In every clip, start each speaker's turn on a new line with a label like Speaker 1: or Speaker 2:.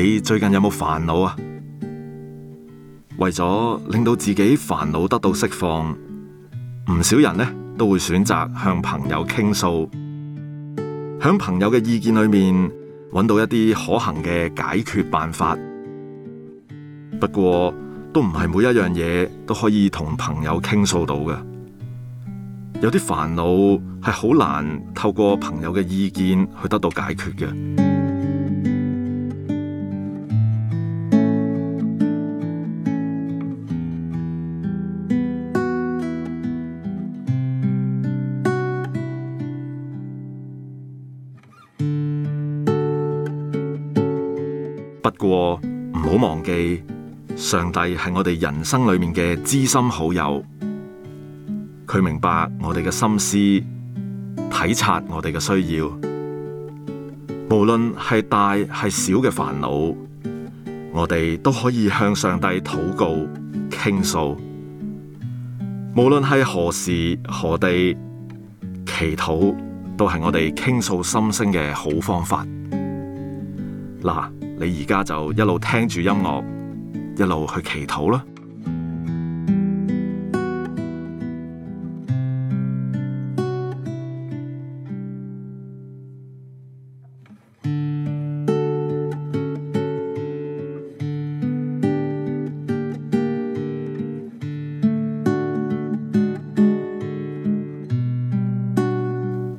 Speaker 1: 你最近有冇煩惱啊？為咗令到自己煩惱得到釋放，唔少人咧都會選擇向朋友傾訴，喺朋友嘅意見裏面揾到一啲可行嘅解決辦法。不過，都唔係每一樣嘢都可以同朋友傾訴到嘅，有啲煩惱係好難透過朋友嘅意見去得到解決嘅。不過唔好忘記，上帝係我哋人生裏面嘅知心好友，佢明白我哋嘅心思，體察我哋嘅需要。無論係大係小嘅煩惱，我哋都可以向上帝禱告傾訴。無論係何時何地，祈禱都係我哋傾訴心聲嘅好方法。嗱。你而家就一路聽住音樂，一路去祈禱啦。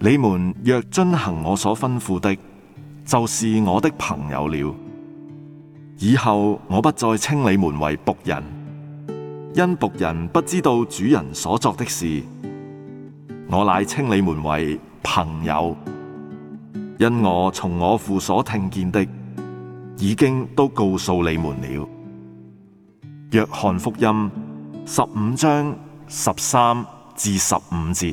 Speaker 1: 你們若遵行我所吩咐的，就是我的朋友了。以後我不再稱你們為僕人，因僕人不知道主人所作的事，我乃稱你們為朋友，因我從我父所聽見的，已經都告訴你們了。約翰福音十五章十三至十五節。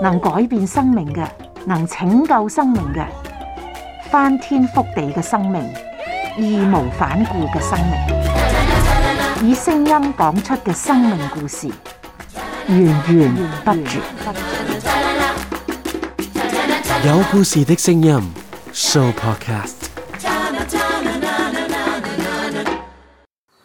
Speaker 2: 能改變生命嘅，能拯救生命嘅，翻天覆地嘅生命，義無反顧嘅生命，以
Speaker 1: 聲音講出嘅生命故事，源源不絕。
Speaker 2: 有故事的聲音 Show Podcast。